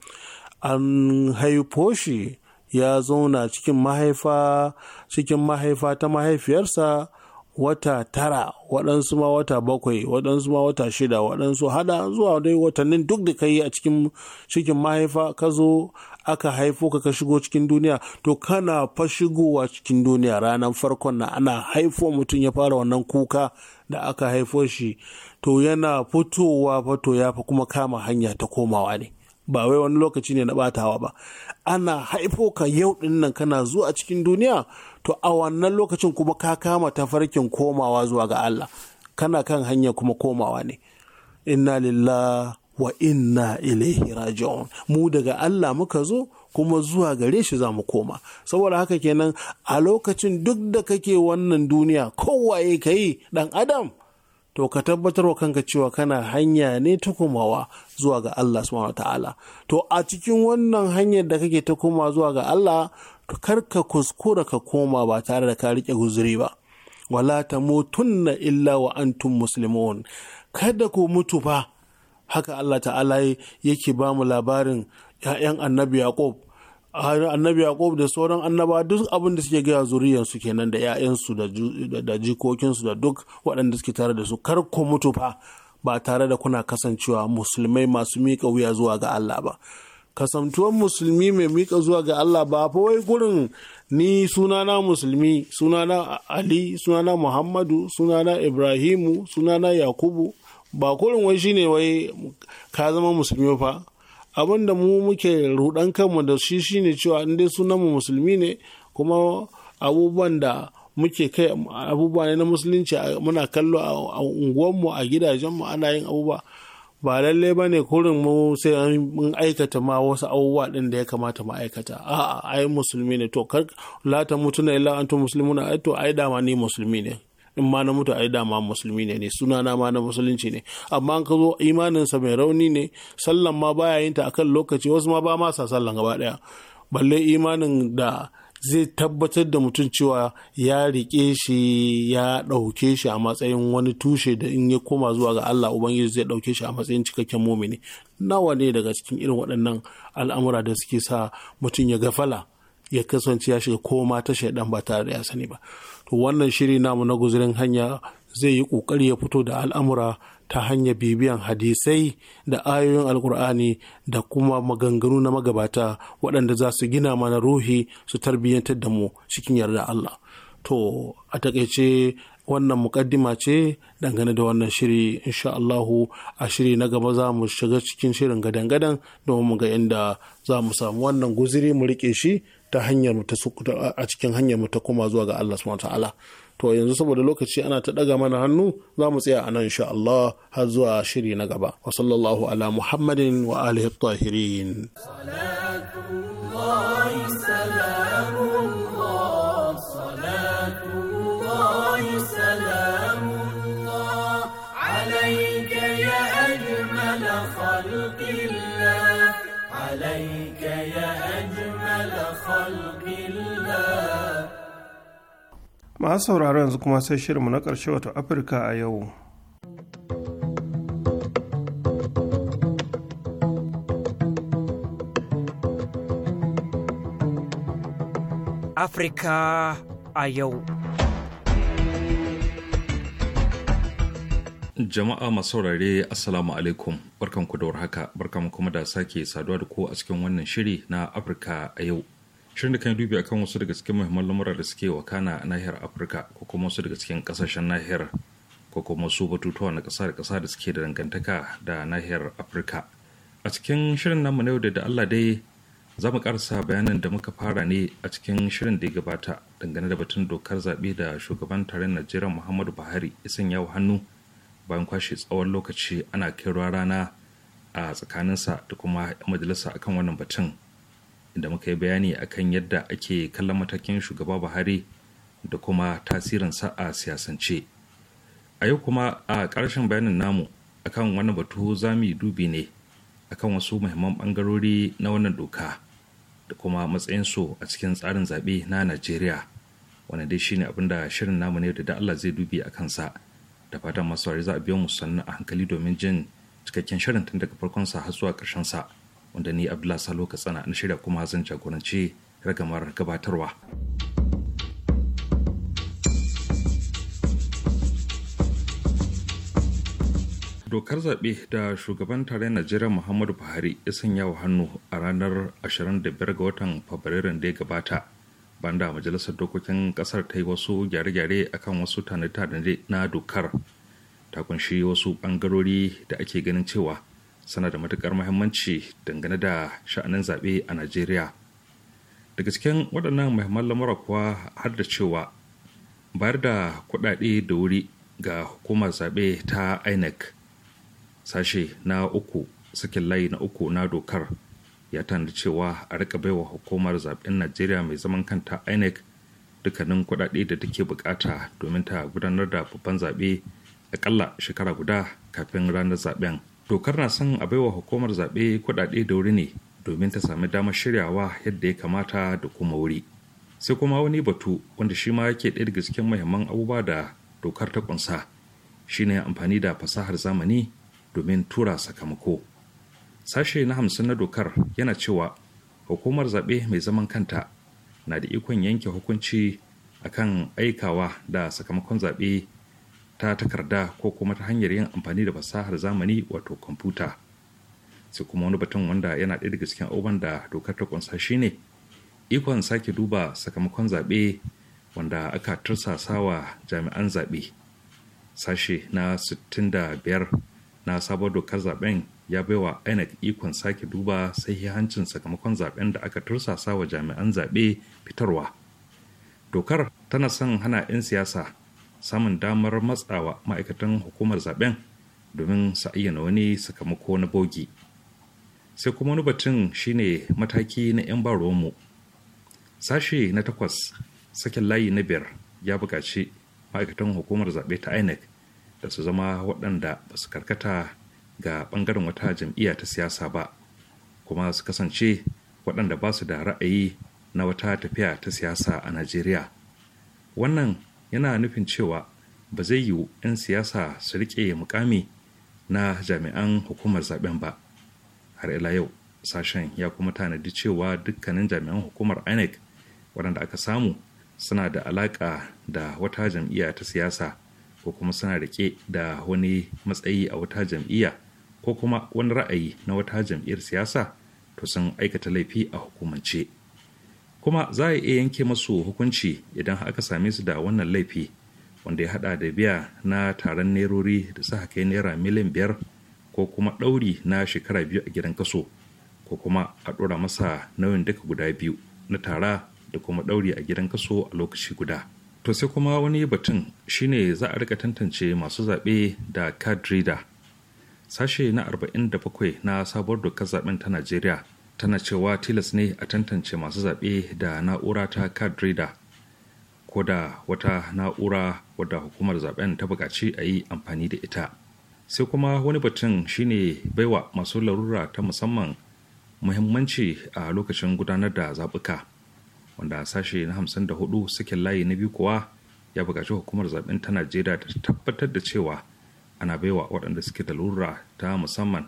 an haifo shi ya zauna cikin mahaifa cikin mahaifa ta mahaifiyarsa wata tara waɗansu ma wata bakwai waɗansu ma wata shida waɗansu hada zuwa dai watannin duk da ka yi a cikin cikin mahaifa ka zo aka haifo ka ka shigo cikin duniya to kana fa shigowa cikin duniya ranar farkon na ana haifo mutum ya fara wannan kuka da aka haifo shi to yana fitowa fa to ya fa kuma kama hanya ta komawa ne ba wai wani lokaci ne na batawa ba ana haifo ka yau din nan kana zuwa cikin duniya to a wannan lokacin kuma ka kama tafarkin komawa zuwa ga Allah kana kan hanya kuma komawa ne inna lillahi wa inna ilaihi raji'un mu daga Allah muka zo kuma zuwa gare shi za mu koma saboda haka kenan a lokacin duk da kake wannan duniya kowaye ka yi dan adam to ka tabbatar wa kanka cewa kana hanya ne ta komawa zuwa ga Allah subhanahu ta'ala to a cikin wannan hanyar da kake ta koma zuwa ga Allah to kar ka kuskura ka koma ba tare da ka rike guzuri ba wala tamutunna illa wa antum muslimun kada ku mutu ba. haka Allah ta'ala yake ba mu labarin 'ya'yan annabi Yaqub annabi Yaƙob da sauran annaba duk abin da suke gaya zuriyarsu kenan da 'ya'yansu da jikokinsu da duk waɗanda suke tare da su kar ku mutu fa ba tare da kuna kasancewa musulmai masu miƙa wuya zuwa ga Allah ba kasantuwan musulmi mai miƙa zuwa ga Allah ba fa wai gurin ni sunana musulmi sunana Ali sunana Muhammadu sunana Ibrahimu sunana Yakubu ba kurin wai shine wai ka zama musulmi fa abin da mu muke rudan kanmu da shi shine cewa in dai mu musulmi ne kuma abubuwan da muke kai abubuwa ne na musulunci muna kallo a unguwanmu a gidajenmu ana yin abubuwa ba lalle ba ne kurin mu sai mun aikata ma wasu abubuwa ɗin da ya kamata mu aikata a'a ai musulmi ne to kar la mutuna illa antum muslimuna ai to ai dama ni musulmi ne in ma na mutu ai dama musulmi ne ne suna na ma na musulunci ne amma an ka zo imaninsa mai rauni ne sallan ma baya yin ta akan lokaci wasu ma ba ma sa sallan gaba daya balle imanin da zai tabbatar da mutum cewa ya rike shi ya ɗauke shi a matsayin wani tushe da in ya koma zuwa ga Allah Ubangiji zai ɗauke shi a matsayin cikakken mumini nawa ne daga cikin irin waɗannan al'amura da suke sa mutum ya gafala ya kasance ya shiga koma ta shaidan ba tare da ya sani ba to wannan shiri namu na guzurin hanya zai yi ƙoƙari ya fito da al'amura ta hanyar bibiyan hadisai da ayoyin alkur'ani da kuma maganganu na magabata waɗanda za su gina mana ruhi su tarbiyyantar da mu cikin yarda Allah. To a takaice wannan mukaddima ce dangane da wannan shiri insha Allahu a shiri na gaba za mu shiga cikin shirin gadan-gadan domin mu ga inda za mu samu wannan guziri mu riƙe shi ta hanyar mu a cikin hanyar mu ta koma zuwa ga Allah subhanahu ta'ala to yanzu saboda lokaci ana ta daga mana hannu za mu tsaya anan nan insha Allah har zuwa shiri na gaba wa sallallahu ala muhammadin wa alihi tahirin salatu masu sauraro yanzu kuma sai shirinmu na ƙarshe wato afirka a yau afirka a yau jama'a masu saurare assalamu alaikum barkanku da haka, barkanku kuma da sake saduwa da ku a cikin wannan shiri na afirka a yau shirin da kan dubi akan wasu daga cikin muhimman lamura da suke wakana a nahiyar afirka ko kuma wasu daga cikin kasashen nahiyar ko kuma wasu batutuwa na ƙasa da ƙasa da suke da dangantaka da nahiyar afirka a cikin shirin namu na yau da allah dai za mu karsa bayanin da muka fara ne a cikin shirin da ya gabata dangane da batun dokar zaɓe da shugaban taron najeriya muhammadu buhari ya sanya hannu bayan kwashe tsawon lokaci ana kirwa rana a tsakaninsa da kuma majalisa akan wannan batun inda muka yi bayani akan yadda ake kallon matakin shugaba buhari da kuma tasirinsa a siyasance a yau kuma a ƙarshen bayanin namu akan wani batu za mu yi dubi ne akan wasu muhimman ɓangarori na wannan doka da kuma matsayinsu a cikin tsarin zaɓe na najeriya wani dai shine abin da shirin namu ne da Allah zai dubi a kansa da fatan masu za a biyo mu sannu a hankali domin jin cikakken shirin tun daga farkonsa har zuwa ƙarshensa. sa wanda ni abdullah salo katsina na shirya kuma zan jagoranci ragamar gabatarwa dokar zaɓe da shugaban tare najeriya muhammadu buhari ya sanya wa hannu a ranar 25 ga watan fabrairun da ya gabata banda majalisar dokokin kasar ta yi wasu gyare-gyare akan wasu tanade na dokar ta kunshi wasu bangarori da ake ganin cewa suna da matukar muhimmanci dangane da sha'anin zaɓe a najeriya daga cikin waɗannan muhimman lamura kuwa har da cewa bayar da kuɗaɗe da wuri ga hukumar zaɓe ta inec sashe na uku sakin layi na uku na dokar ya tanda cewa a rika baiwa hukumar zaɓen najeriya mai zaman kanta inec dukkanin kuɗaɗe da take bukata domin ta gudanar da babban zaɓe akalla shekara guda kafin ranar zaɓen dokar na son a baiwa hukumar zaɓe kuɗaɗe da wuri ne domin ta sami damar shiryawa yadda ya kamata da kuma wuri sai kuma wani batu wanda shi ma yake ɗaya daga cikin muhimman abubuwa da dokar ta ƙunsa shine amfani da fasahar zamani domin tura sakamako sashe na hamsin na dokar yana cewa hukumar zaɓe mai zaman kanta na da ikon yanke hukunci akan aikawa da sakamakon zaɓe ta takarda ko kuma ta hanyar yin amfani da fasahar zamani wato kwamfuta sai kuma wani batun wanda yana ɗaya daga cikin abubuwan da dokar ta kunsa ne ikon sake duba sakamakon zaɓe wanda aka tursasawa jami'an zaɓe sashe na 65 na sabon dokar zaɓen ya baiwa inec ikon sake duba hancin sakamakon zaɓen da aka tursasawa jami'an zaɓe fitarwa dokar tana son hana 'yan siyasa samun damar matsawa ma'aikatan hukumar zaben domin su ayyana wani sakamako na bogi sai kuma wani batun shine mataki na 'yan mu sashe na takwas sakin layi na biyar ya buƙaci ma'aikatan hukumar zaɓe ta inec da su zama waɗanda ba su karkata ga ɓangaren wata jam'iyya ta siyasa ba kuma su kasance waɗanda ba su da ra'ayi na wata tafiya ta siyasa a najeriya wannan yana nufin cewa ba zai yiwu 'yan siyasa su riƙe mukami na jami'an hukumar zaben ba har ila yau sashen ya kuma tanadi cewa dukkanin jami'an hukumar inec waɗanda aka samu suna da alaƙa da wata jam'iyya ta siyasa ko kuma suna riƙe da wani matsayi a wata jam'iyya ko kuma wani ra'ayi na wata jam'iyyar siyasa to sun aikata laifi a hukumance. kuma za a iya yanke masu hukunci idan aka same su da wannan laifi wanda ya hada da biya na taron nerori da sa kai naira miliyan biyar ko kuma ɗauri na shekara biyu a gidan kaso ko kuma a ɗora masa nauyin duka guda biyu na tara da kuma ɗauri a gidan kaso a lokaci guda to sai kuma wani batun shine za a rika tantance masu zaɓe da card reader sashe na 47 na sabuwar dokar zaben ta najeriya tana cewa tilas ne a tantance masu zaɓe da na'ura ta card reader ko da wata na'ura wadda hukumar zaɓen ta buƙaci a yi amfani da ita sai kuma wani batun shine baiwa masu larura ta musamman muhimmanci a lokacin gudanar da zaɓuka wanda sashe na hamsin da hudu sukin layi na biyu kuwa ya buƙaci hukumar zaɓen ta najeriya ta tabbatar da cewa ana baiwa waɗanda suke da lura ta musamman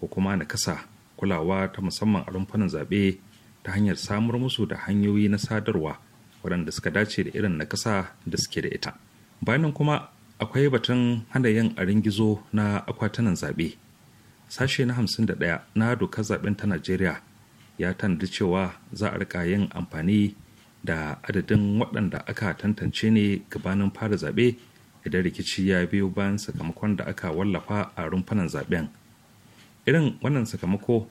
ko kuma na kasa kulawa ta musamman a rumfunan zaɓe ta hanyar samar musu da hanyoyi na sadarwa waɗanda suka dace da irin na ƙasa da suke da ita bayanan kuma akwai batun hana yin arin gizo na akwatunan zaɓe sashe na hamsin da ɗaya na doka zaɓen ta najeriya ya tanadi cewa za a rika yin amfani da adadin waɗanda aka tantance ne gabanin fara zaɓe idan rikici ya biyo bayan sakamakon da aka wallafa a rumfunan zaɓen irin wannan sakamako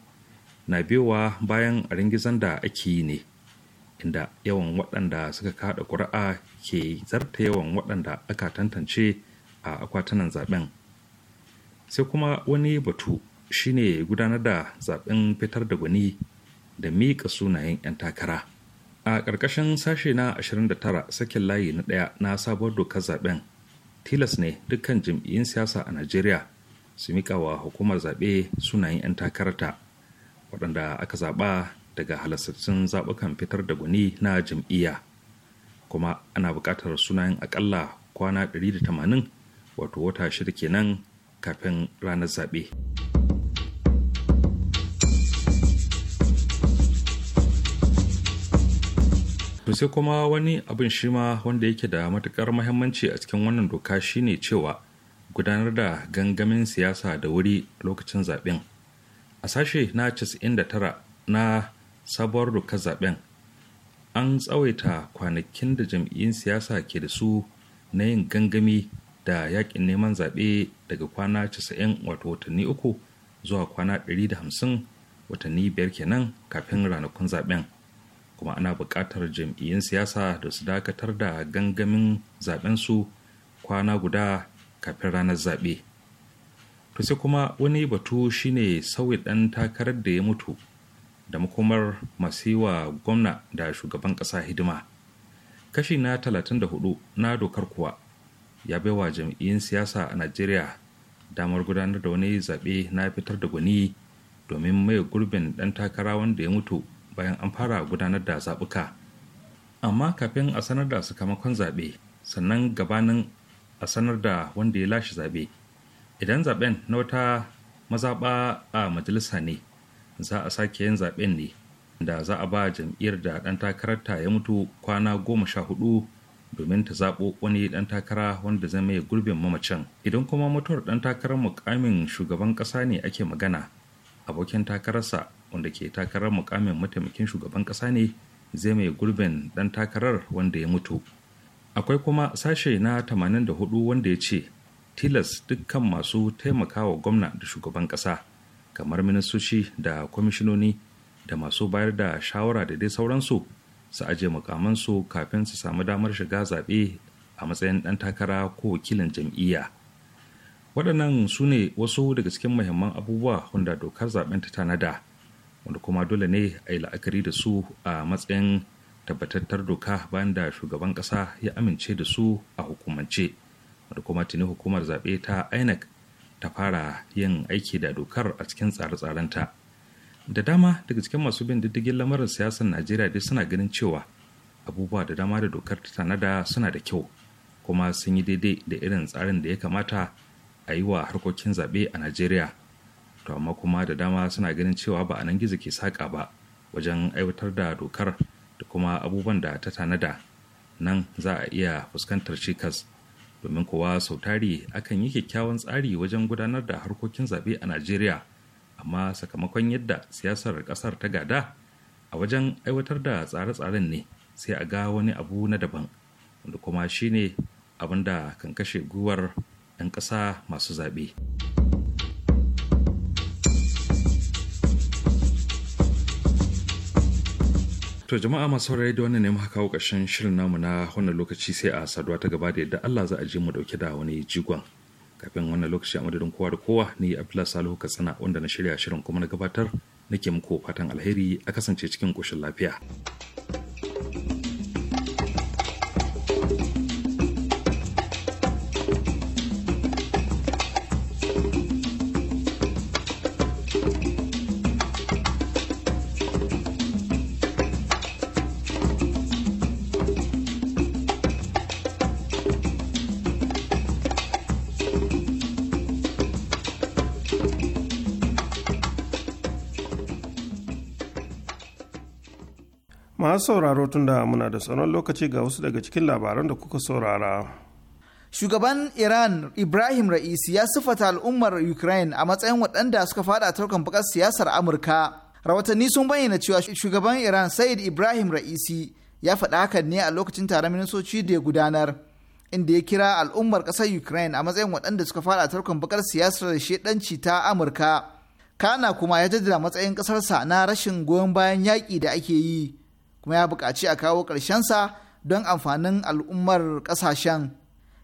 na biyowa bayan a ringizan da ake yi ne inda yawan waɗanda suka kaɗa ƙuri'a ke zarta yawan waɗanda aka tantance a akwatunan zaben sai kuma wani batu shine gudanar da zaben fitar da gwani da miƙa sunayen 'yan takara a ƙarƙashin sashe na 29 sakin layi na ɗaya na sabuwar dokar zaben tilas ne dukkan jam'iyyun siyasa a najeriya su miƙa wa hukumar zaɓe sunayen 'yan takararta waɗanda aka zaɓa daga halastattun zaɓukan fitar da gwani na jam'iyya kuma ana buƙatar sunayen aƙalla kwana 180 wato wata shida kenan kafin ranar zaɓe. sai kuma wani abin shi ma wanda yake da matukar mahimmanci a cikin wannan doka shine cewa gudanar da gangamin siyasa da wuri lokacin zaɓen a sashe na 99 na sabuwar dokar zaben an tsawaita kwanakin da jam'iyyun siyasa ke da su na yin gangami da yakin neman zaɓe daga kwana 90 wato watanni uku zuwa kwana 150 watanni biyar kenan kafin ranakun zaben kuma ana buƙatar jam'iyyun siyasa da su dakatar da gangamin zaben su kwana guda kafin ranar zaɓe. to sai kuma wani batu shine sauyi ɗan takarar da ya mutu da makomar masu gwamna da shugaban ƙasa hidima kashi na 34 na dokar kuwa ya bai wa jam'iyyun siyasa a najeriya damar gudanar da wani zaɓe na fitar da gwani domin mai gurbin ɗan takara wanda ya mutu bayan an fara gudanar da zaɓuka amma kafin a sanar da sakamakon zaɓe sannan gabanin a sanar da wanda ya lashe zaɓe idan zaben na wata mazaɓa a majalisa ne za a sake yin zaben ne da za a ba jam'iyyar da ɗan ta ya mutu kwana goma sha hudu domin ta zaɓo wani ɗan takara wanda zai mai gurbin mamacin idan kuma mutuwar ɗan takarar mukamin shugaban ƙasa ne ake magana abokin takararsa wanda ke takarar mukamin mataimakin shugaban ƙasa ne zai mai gurbin ɗan takarar wanda ya mutu akwai kuma sashe na 84 wanda ya ce tilas dukkan masu taimakawa gwamna da shugaban ƙasa kamar ministoci da kwamishinoni da masu bayar da shawara da dai sauransu su aje mukamansu kafin su samu damar shiga zaɓe a matsayin ɗan takara ko wakilin jam'iyya waɗannan su ne wasu daga cikin muhimman abubuwa wanda dokar zaɓen ta tanada wanda kuma dole ne a yi la'akari da su a matsayin tabbatattar doka bayan da shugaban ƙasa ya amince da su a hukumance. da kuma tuni hukumar zaɓe ta inec ta fara yin aiki da dokar a cikin tsare-tsarenta da dama daga cikin masu bin diddigin lamarin siyasar najeriya dai suna ganin cewa abubuwa da dama da dokar ta tanada suna da kyau kuma sun yi daidai da irin tsarin da ya kamata a yi wa harkokin zaɓe a najeriya to amma kuma da dama suna ganin cewa ba a nan gizo ke saƙa ba wajen aiwatar da dokar da kuma abubuwan da ta tanada nan za a iya fuskantar cikas domin kowa sau tari akan yi kyakkyawan tsari wajen gudanar da harkokin zaɓe a najeriya amma sakamakon yadda siyasar ƙasar ta gada a wajen aiwatar da tsare-tsaren ne sai a ga wani abu na daban wanda kuma shine abin da kan kashe guwar 'yan ƙasa masu zaɓe. To jama'a masu saurari da wannan ne muka kawo ƙarshen shirin namu na wannan lokaci sai a saduwa ta gaba da yadda Allah za a ji mu dauke da wani jigon. Kafin wannan lokaci a madadin kowa da kowa ni Abdullahi Salihu Katsina wanda na shirya shirin kuma na gabatar nake muku fatan alheri a kasance cikin koshin lafiya. sauraro tun da muna da sauran lokaci ga wasu daga cikin labaran da kuka saurara. Shugaban Iran Ibrahim Ra'isi ya sifata al'ummar Ukraine a matsayin waɗanda suka fada taukan bakar siyasar Amurka. Rawatanni sun bayyana cewa shugaban Iran Said Ibrahim Ra'isi ya faɗa hakan ne a lokacin taron ministoci da ya gudanar. Inda ya kira al'ummar ƙasar Ukraine a matsayin waɗanda suka fada tarkon bakar siyasar da shedanci ta Amurka. Kana kuma ya jaddada matsayin ƙasarsa na rashin goyon bayan yaƙi da ake yi. kuma ya buƙaci a kawo ƙarshensa don amfanin al'ummar ƙasashen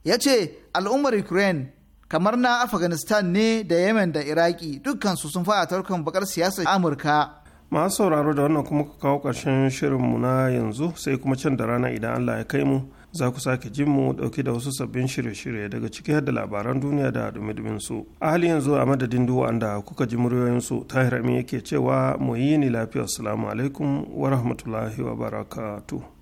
ya ce al'ummar ukraine kamar na afghanistan ne da yemen da iraki dukkansu sun fara tarkon bakar siyasar amurka masu sauraro da wannan kuma ka kawo ƙarshen shirinmu na yanzu sai kuma can da rana idan allah ya kai mu za ku sake jin mu dauke da wasu sabbin shirye-shirye daga ciki da labaran duniya da dumi su a halin yanzu a madadin duwa wanda kuka ji muryoyin su hirami amin yake cewa mu yi ni lafiya assalamu alaikum wa rahmatullahi wa barakatuh